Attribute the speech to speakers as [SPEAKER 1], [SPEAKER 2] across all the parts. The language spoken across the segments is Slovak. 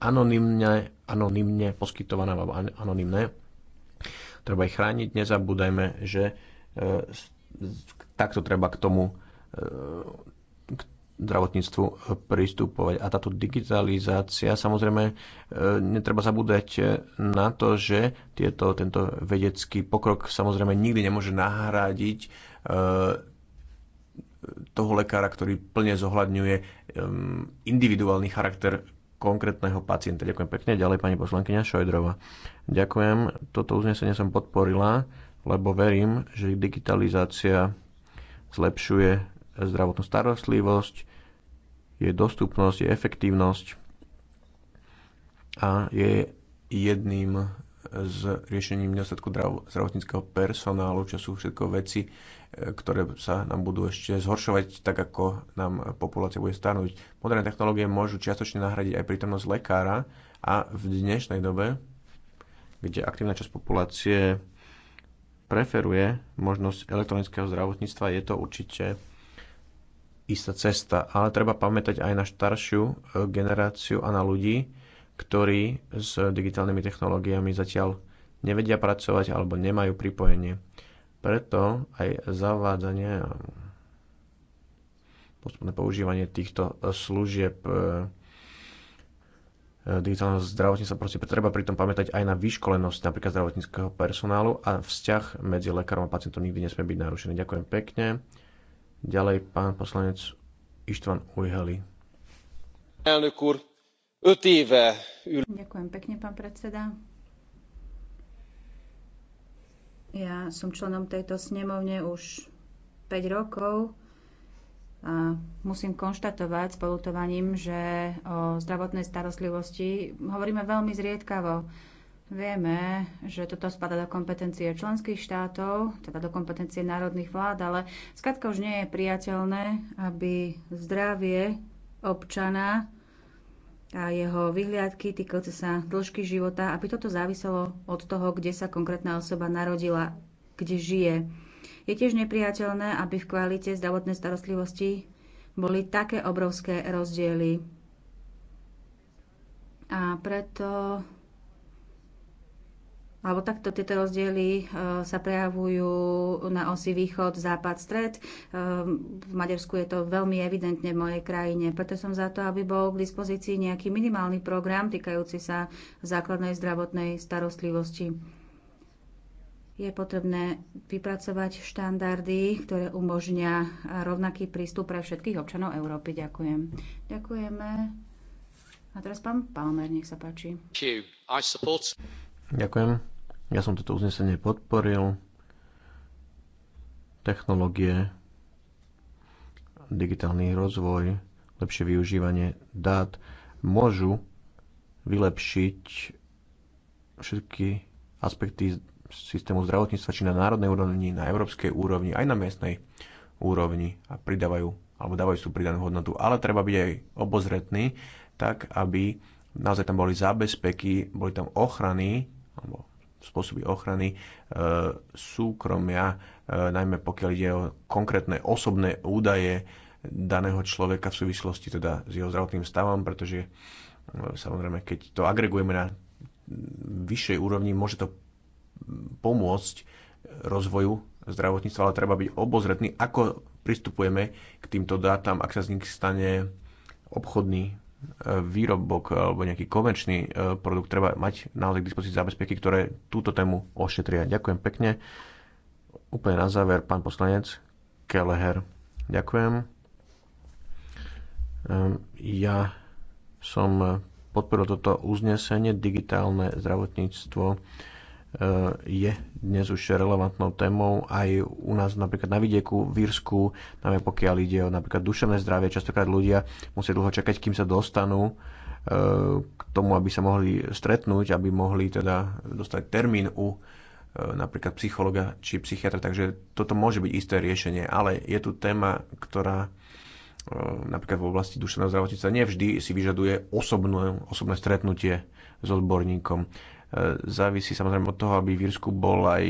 [SPEAKER 1] anonimne, anonimne poskytované alebo anonimné. Treba ich chrániť, nezabúdajme, že e, takto treba k tomu e, k zdravotníctvu e, pristupovať. A táto digitalizácia, samozrejme, netreba zabúdať na to, že tieto, tento vedecký pokrok samozrejme nikdy nemôže nahradiť toho lekára, ktorý plne zohľadňuje individuálny charakter konkrétneho pacienta. Ďakujem pekne. Ďalej pani poslankyňa Šojdrova. Ďakujem. Toto uznesenie som podporila, lebo verím, že digitalizácia zlepšuje zdravotnú starostlivosť, je dostupnosť, je efektívnosť a je jedným s riešením nedostatku zdravotníckého personálu, čo sú všetko veci, e, ktoré sa nám budú ešte zhoršovať, tak ako nám populácia bude starnúť. Moderné technológie môžu čiastočne nahradiť aj prítomnosť lekára a v dnešnej dobe, kde aktívna časť populácie preferuje možnosť elektronického zdravotníctva, je to určite istá cesta. Ale treba pamätať aj na staršiu e, generáciu a na ľudí, ktorí s digitálnymi technológiami zatiaľ nevedia pracovať alebo nemajú pripojenie. Preto aj zavádzanie a postupné používanie týchto služieb e, e, digitálneho zdravotníctva proste treba pritom pamätať aj na vyškolenosť napríklad zdravotníckého personálu a vzťah medzi lekárom a pacientom nikdy nesmie byť narušený. Ďakujem pekne. Ďalej pán poslanec Ištvan Ujheli. Elnök úr,
[SPEAKER 2] Ďakujem pekne, predseda. Ja som členom tejto snemovne už 5 rokov a musím konštatovať s polutovaním, že o zdravotnej starostlivosti hovoríme veľmi zriedkavo. Vieme, že toto spada do kompetencie členských štátov, teda do kompetencie národných vlád, ale skladka už nie je priateľné, aby zdravie občana a jeho vyhliadky týkajúce sa dĺžky života, aby toto záviselo od toho, kde sa konkrétna osoba narodila, kde žije. Je tiež nepriateľné, aby v kvalite zdravotnej starostlivosti boli také obrovské rozdiely. A preto alebo takto tieto rozdiely e, sa prejavujú na osi východ, západ, stred. E, v Maďarsku je to veľmi evidentne v mojej krajine. Preto som za to, aby bol k dispozícii nejaký minimálny program týkajúci sa základnej zdravotnej starostlivosti. Je potrebné vypracovať štandardy, ktoré umožnia rovnaký prístup pre všetkých občanov Európy. Ďakujem. Ďakujeme. A teraz pán Palmer, nech sa páči.
[SPEAKER 1] Ďakujem. Ja som toto uznesenie podporil. Technológie, digitálny rozvoj, lepšie využívanie dát môžu vylepšiť všetky aspekty systému zdravotníctva, či na národnej úrovni, na európskej úrovni, aj na miestnej úrovni a pridávajú alebo dávajú sú pridanú hodnotu. Ale treba byť aj obozretný, tak aby naozaj tam boli zábezpeky, boli tam ochrany alebo spôsoby ochrany e, súkromia, e, najmä pokiaľ ide o konkrétne osobné údaje daného človeka v súvislosti teda s jeho zdravotným stavom, pretože e, samozrejme, keď to agregujeme na vyššej úrovni, môže to pomôcť rozvoju zdravotníctva, ale treba byť obozretný, ako pristupujeme k týmto dátam, ak sa z nich stane obchodný výrobok eh, alebo nejaký komerčný eh, produkt, treba mať naozaj k dispozícii zábezpeky, ktoré túto tému ošetria. Ďakujem pekne. Úplne na záver, pán poslanec Keleher. Ďakujem. Ehm, ja som podporil toto uznesenie digitálne zdravotníctvo je dnes už relevantnou témou aj u nás napríklad na vidieku, v Írsku, najmä pokiaľ ide o napríklad duševné zdravie, častokrát ľudia musia dlho čakať, kým sa dostanú e, k tomu, aby sa mohli stretnúť, aby mohli teda dostať termín u e, napríklad psychologa či psychiatra, takže toto môže byť isté riešenie, ale je tu téma, ktorá e, napríklad v oblasti duševného zdravotníctva nevždy si vyžaduje osobné, osobné stretnutie s odborníkom. E, závisí samozrejme od toho, aby v Írsku bol aj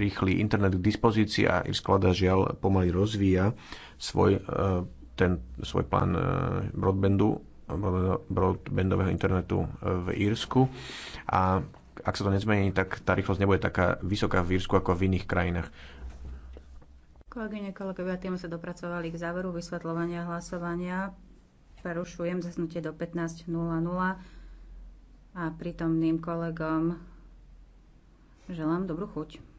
[SPEAKER 1] rýchly internet k dispozícii a sklada žiaľ pomaly rozvíja svoj, e, ten, svoj plán e, broadbandu broadbandového internetu v Írsku a ak sa to nezmení, tak tá rýchlosť nebude taká vysoká v Írsku ako v iných krajinách.
[SPEAKER 2] Kolegyne, kolegovia, tým sa dopracovali k záveru vysvetľovania hlasovania. Prerušujem zasnutie do 15.00 a prítomným kolegom želám dobrú chuť.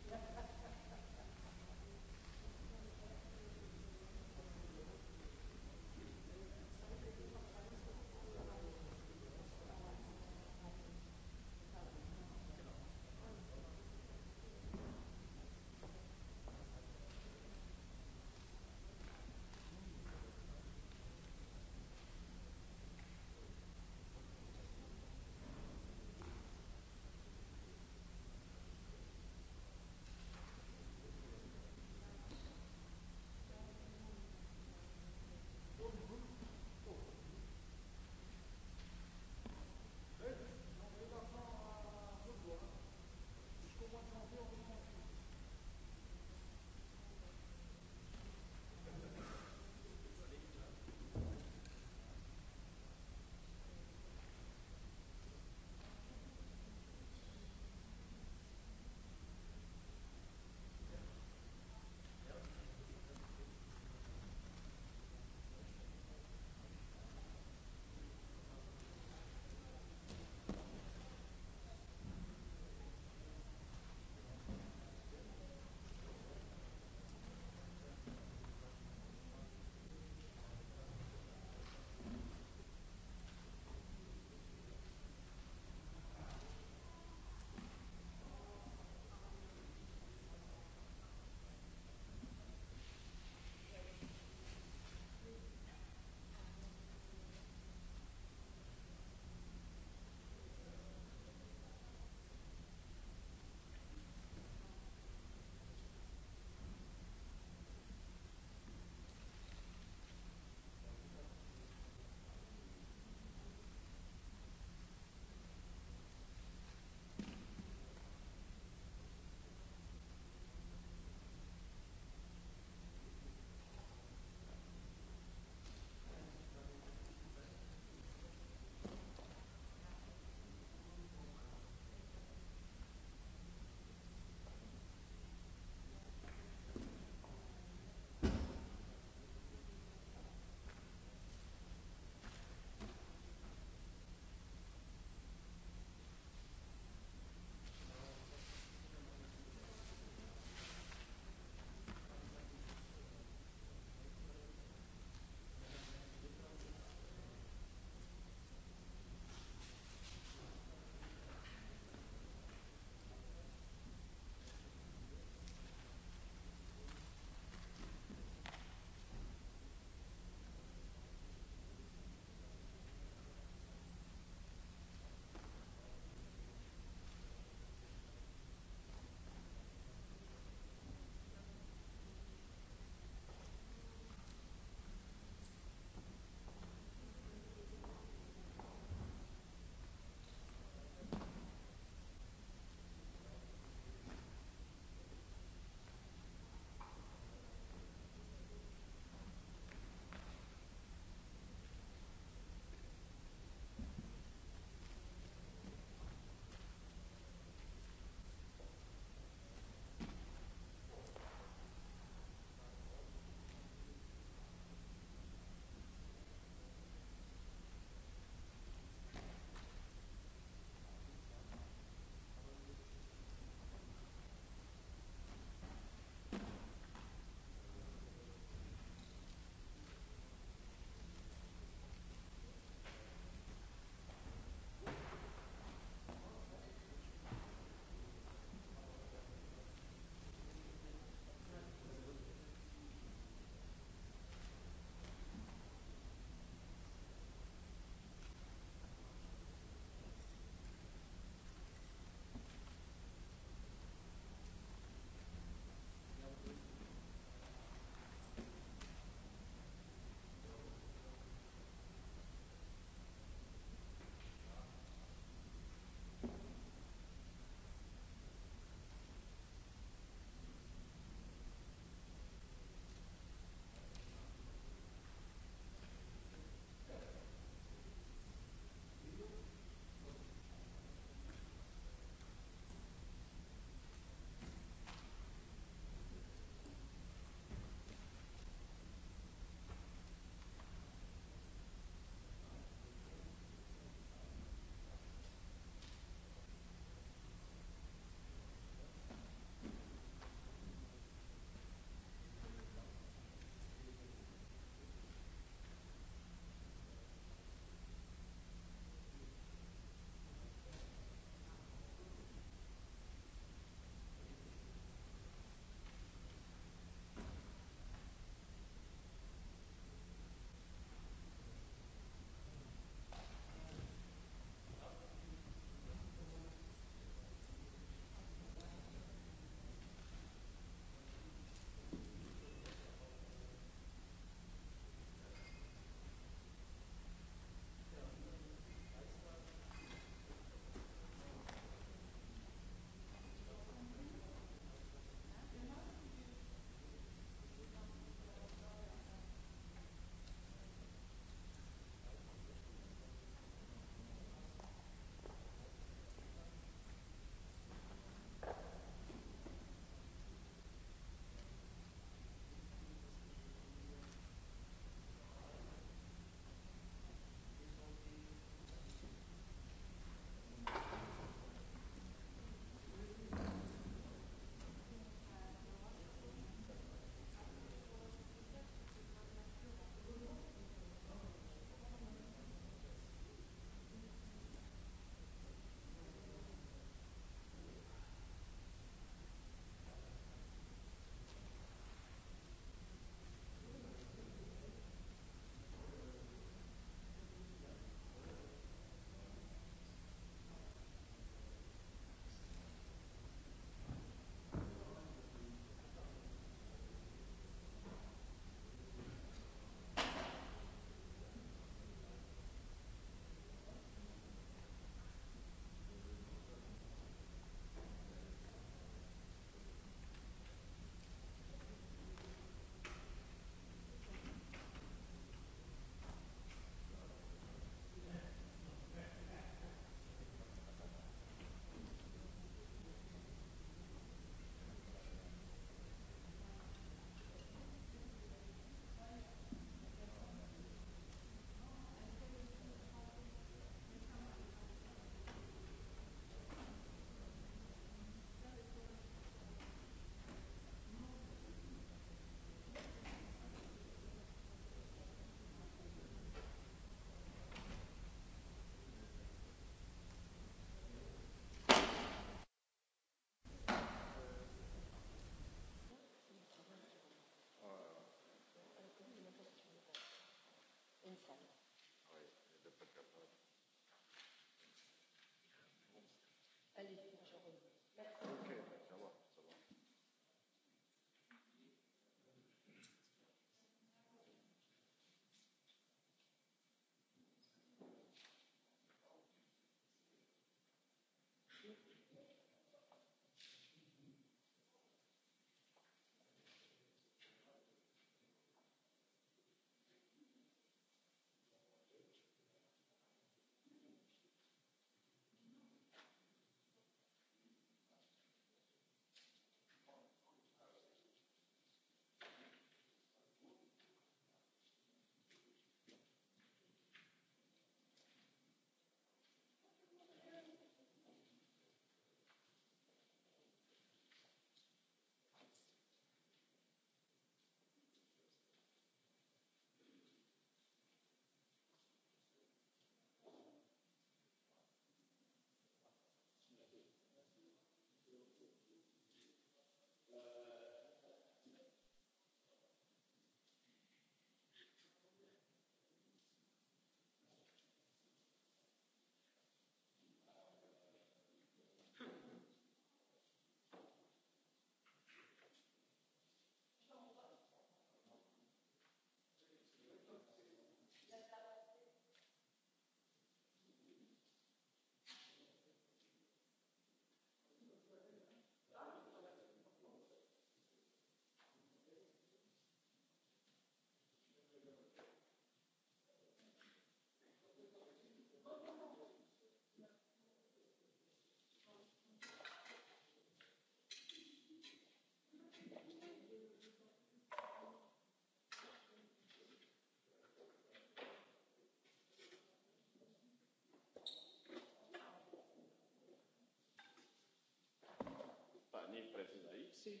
[SPEAKER 2] si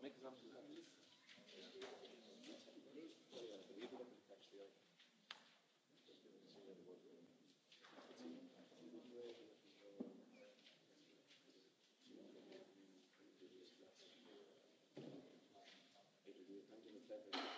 [SPEAKER 3] make you. Ďakujem.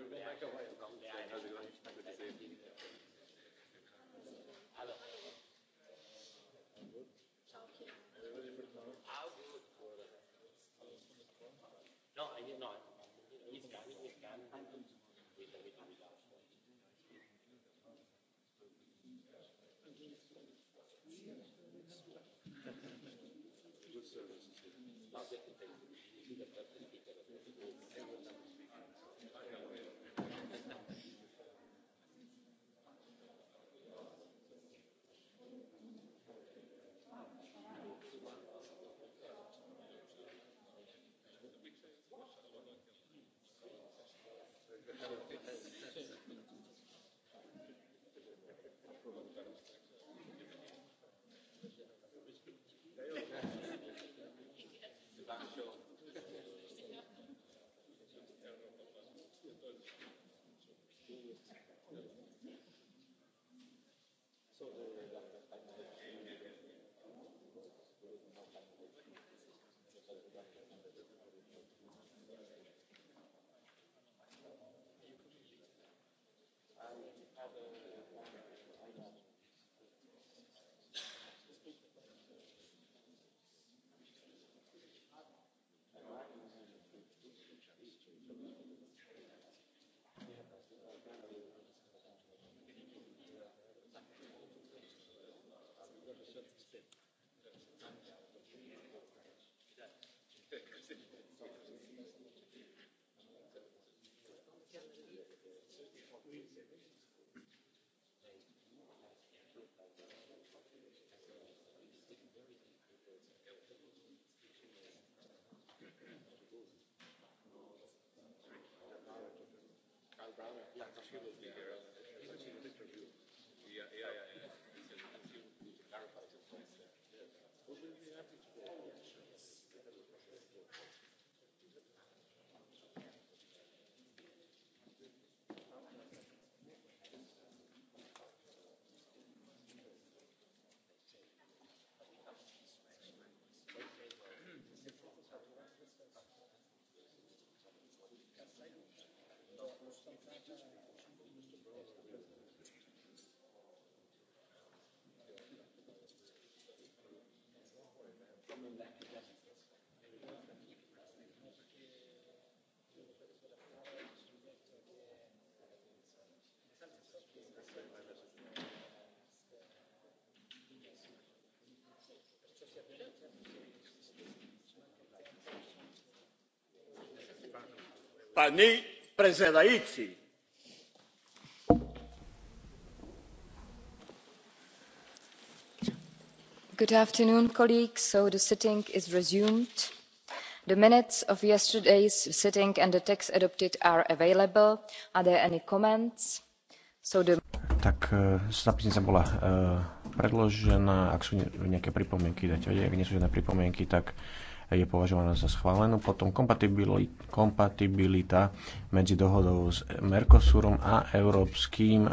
[SPEAKER 3] Thank you. it Yeah, because he will be here. He was in an interview. Yeah, yeah, yeah. yeah. He said he would clarify some points there. Well, we'll be happy to go.
[SPEAKER 1] pani predsedajúci
[SPEAKER 2] good afternoon colleagues so the sitting is resumed. the minutes of yesterday's sitting and the text adopted are available. are there any comments? So the...
[SPEAKER 1] tak e, zápisnica bola e, predložená. Ak sú nejaké pripomienky, dajte vedieť. Ak nie sú žiadne pripomienky, tak je považovaná za schválenú. Potom kompatibilita medzi dohodou s Mercosurom a európskym e,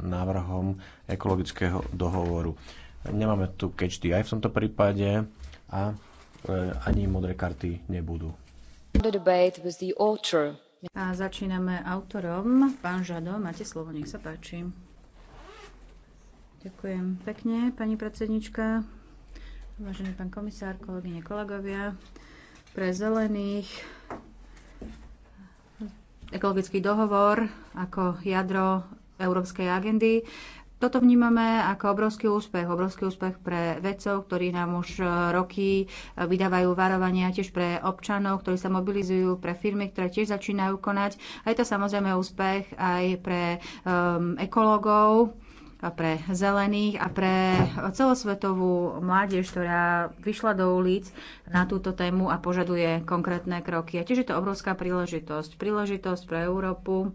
[SPEAKER 1] návrhom ekologického dohovoru. Nemáme tu catch the eye v tomto prípade a e, ani modré karty nebudú.
[SPEAKER 2] A začíname autorom. Pán Žado, máte slovo, nech sa páči. Ďakujem pekne, pani predsednička. Vážený pán komisár, kolegyne, kolegovia, pre zelených ekologický dohovor ako jadro európskej agendy. Toto vnímame ako obrovský úspech, obrovský úspech pre vedcov, ktorí nám už e, roky vydávajú varovania, tiež pre občanov, ktorí sa mobilizujú, pre firmy, ktoré tiež začínajú konať. A je to samozrejme úspech aj pre um, ekológov, a pre zelených a pre celosvetovú mládež, ktorá vyšla do ulic na túto tému a požaduje konkrétne kroky. A tiež je to obrovská príležitosť. Príležitosť pre Európu um,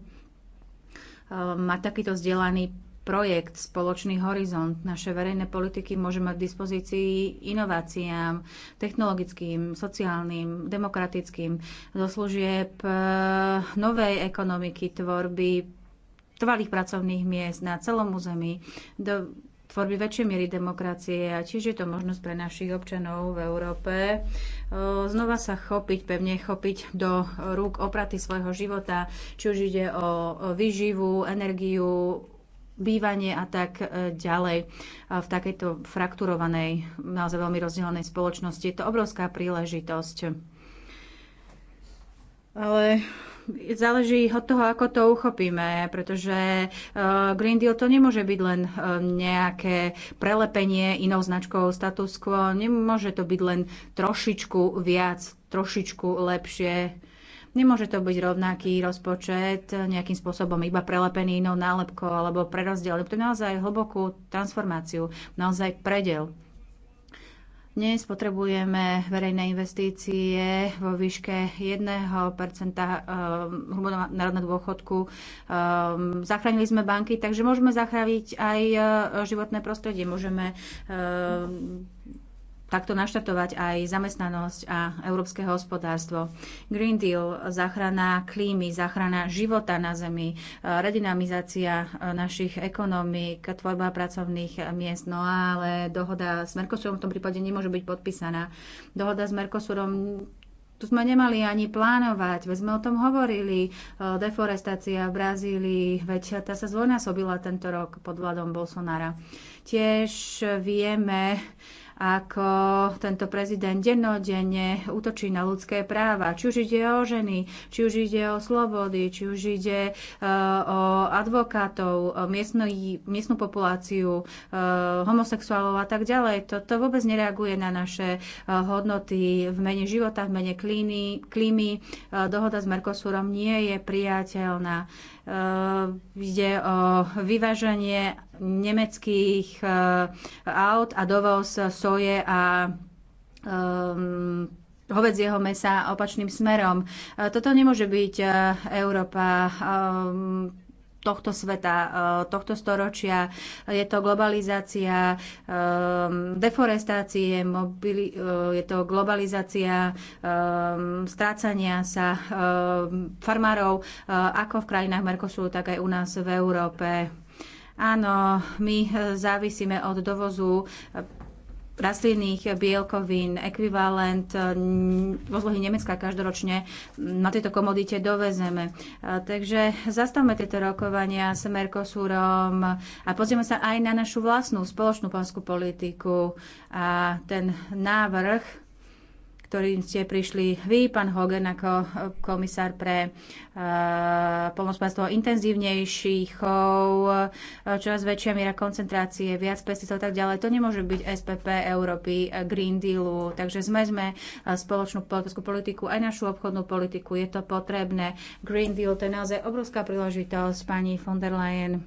[SPEAKER 2] mať takýto vzdelaný projekt Spoločný horizont. Naše verejné politiky môže mať k dispozícii inováciám, technologickým, sociálnym, demokratickým, do služieb uh, novej ekonomiky, tvorby trvalých pracovných miest na celom území, do tvorby väčšej miery demokracie a tiež je to možnosť pre našich občanov v Európe e, znova sa chopiť, pevne chopiť do rúk opraty svojho života, či už ide o výživu, energiu, bývanie a tak e, ďalej v takejto frakturovanej, naozaj veľmi rozdielnej spoločnosti. Je to obrovská príležitosť. Ale záleží od toho, ako to uchopíme, pretože eh, Green Deal to nemôže byť len eh, nejaké prelepenie inou značkou status quo, nemôže to byť len trošičku viac, trošičku lepšie. Nemôže to byť rovnaký rozpočet eh, nejakým spôsobom iba prelepený inou nálepkou alebo prerozdiel. To je naozaj hlbokú transformáciu, naozaj predel. Dnes potrebujeme verejné investície vo výške 1% ehm, národného dôchodku. Ehm, zachránili sme banky, takže môžeme zachrániť aj eh, životné prostredie. Môžeme ehm, takto naštartovať aj zamestnanosť a európske hospodárstvo. Green Deal, záchrana klímy, záchrana života na Zemi, redynamizácia eh, našich ekonomík, tvorba pracovných miest. No ale dohoda s Mercosurom v tom prípade nemôže byť podpísaná. Dohoda s Mercosurom tu sme nemali ani plánovať, veď sme o tom hovorili, eh, deforestácia v Brazílii, veď tá sa zvojnásobila tento rok pod vládom Bolsonara. Tiež vieme, ako tento prezident dennodenne útočí na ľudské práva. Či už ide o ženy, či už ide o slobody, či už ide e, o advokátov, miestnu, miestnú populáciu, e, homosexuálov a tak ďalej. Toto vôbec nereaguje na naše e, hodnoty v mene života, v mene klíny, klímy. Dohoda s Mercosurom nie je priateľná. Ide o vyváženie nemeckých eh, aut a dovoz soje a um, ehm, jeho mesa opačným smerom. Eh, toto nemôže byť eh, Európa um, tohto sveta, tohto storočia. Je to globalizácia ehm, deforestácie, mobili, je to globalizácia strácania sa farmárov ako v krajinách Mercosuru, tak aj u nás v Európe. Áno, my eh, závisíme od dovozu eh, rastlinných bielkovín, ekvivalent eh, rozlohy Nemecka každoročne hm, na tejto komodite dovezeme. Takže zastavme tieto rokovania s Mercosurom a pozrieme sa aj na našu vlastnú spoločnú pánskú politiku. A ten návrh ktorým ste prišli vy, pán Hogan, ako eh, komisár pre uh, eh, pomospárstvo intenzívnejších, eh, čoraz väčšia miera koncentrácie, viac pesticov a tak ďalej. To nemôže byť SPP Európy, Green Dealu. Takže sme sme spoločnú politickú politiku, aj našu obchodnú politiku. Je to potrebné. Green Deal to je naozaj obrovská príležitosť, pani von der Leyen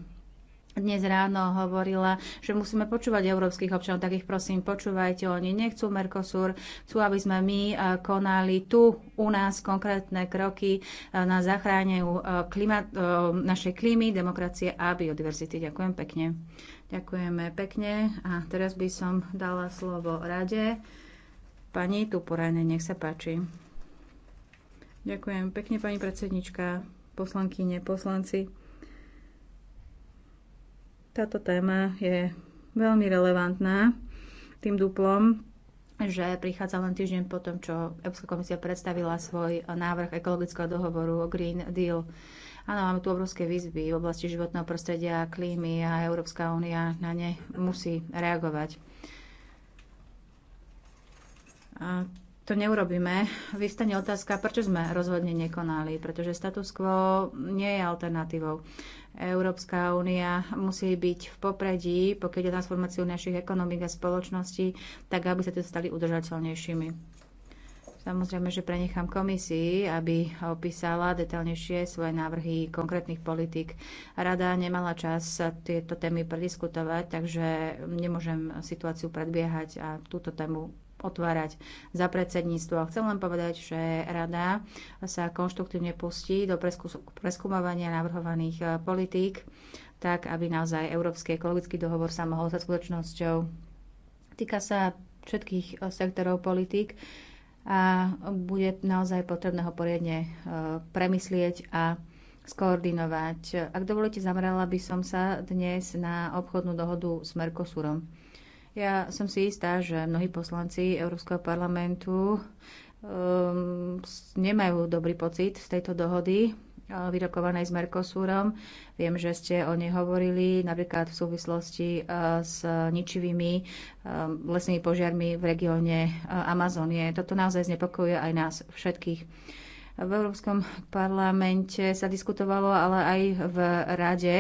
[SPEAKER 2] dnes ráno hovorila, že musíme počúvať európskych občanov, tak ich prosím, počúvajte, oni nechcú Mercosur, chcú, aby sme my eh, konali tu u nás konkrétne kroky eh, na zachráneniu eh, našej klímy, demokracie a biodiverzity. Ďakujem pekne. Ďakujeme pekne a teraz by som dala slovo rade. Pani Tuporajne, nech sa páči. Ďakujem pekne, pani predsednička, poslankyne, poslanci. Táto téma je veľmi relevantná tým duplom, že prichádza len týždeň po tom, čo Európska komisia predstavila svoj návrh ekologického dohovoru o Green Deal. Áno, máme tu obrovské výzvy v oblasti životného prostredia, klímy a Európska únia na ne musí reagovať. A to neurobíme, vystane otázka, prečo sme rozhodne nekonali, pretože status quo nie je alternatívou. Európska únia musí byť v popredí, pokiaľ je transformáciu našich ekonomik a spoločností, tak aby sa to stali udržateľnejšími. Samozrejme, že prenechám komisii, aby opísala detaľnejšie svoje návrhy konkrétnych politik. Rada nemala čas tieto témy prediskutovať, takže nemôžem situáciu predbiehať a túto tému otvárať za predsedníctvo. Chcem len povedať, že rada sa konštruktívne pustí do preskúmovania navrhovaných eh, politík, tak aby naozaj Európsky ekologický dohovor sa mohol sa skutočnosťou. Týka sa všetkých eh, sektorov politík a bude naozaj potrebné ho poriadne eh, premyslieť a skoordinovať. Ak dovolíte, zamerala by som sa dnes na obchodnú dohodu s Mercosurom. Ja som si istá, že mnohí poslanci Európskeho parlamentu um, nemajú dobrý pocit z tejto dohody uh, vyrokovanej s Mercosurom. Viem, že ste o nej hovorili napríklad v súvislosti uh, s ničivými um, lesnými požiarmi v regióne uh, Amazonie. Toto naozaj znepokojuje aj nás všetkých. V Európskom parlamente sa diskutovalo, ale aj v Rade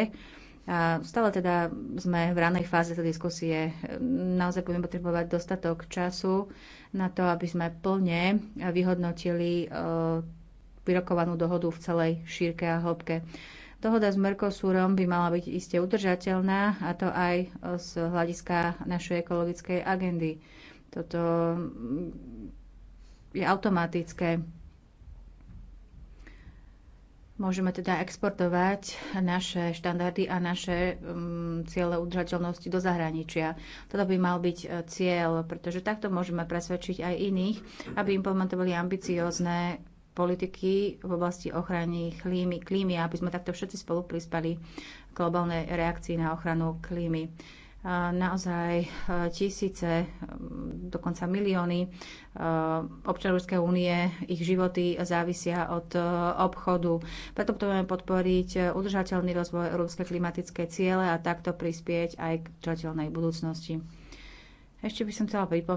[SPEAKER 2] a stále teda sme v ranej fáze tej diskusie. Naozaj budeme potrebovať dostatok času na to, aby sme plne vyhodnotili e, vyrokovanú dohodu v celej šírke a hĺbke. Dohoda s Mercosurom by mala byť iste udržateľná, a to aj z hľadiska našej ekologickej agendy. Toto je automatické Môžeme teda exportovať naše štandardy a naše um, ciele udržateľnosti do zahraničia. Toto by mal byť uh, cieľ, pretože takto môžeme presvedčiť aj iných, aby implementovali ambiciózne politiky v oblasti ochrany klímy, klímy aby sme takto všetci spolu prispali k globálnej reakcii na ochranu klímy. Uh, naozaj e, tisíce, dokonca milióny e, občanov Európskej únie, ich životy závisia od e, obchodu. Preto potrebujeme podporiť udržateľný rozvoj európske klimatické ciele a takto prispieť aj k udržateľnej budúcnosti. Ešte by som chcela pripomenúť,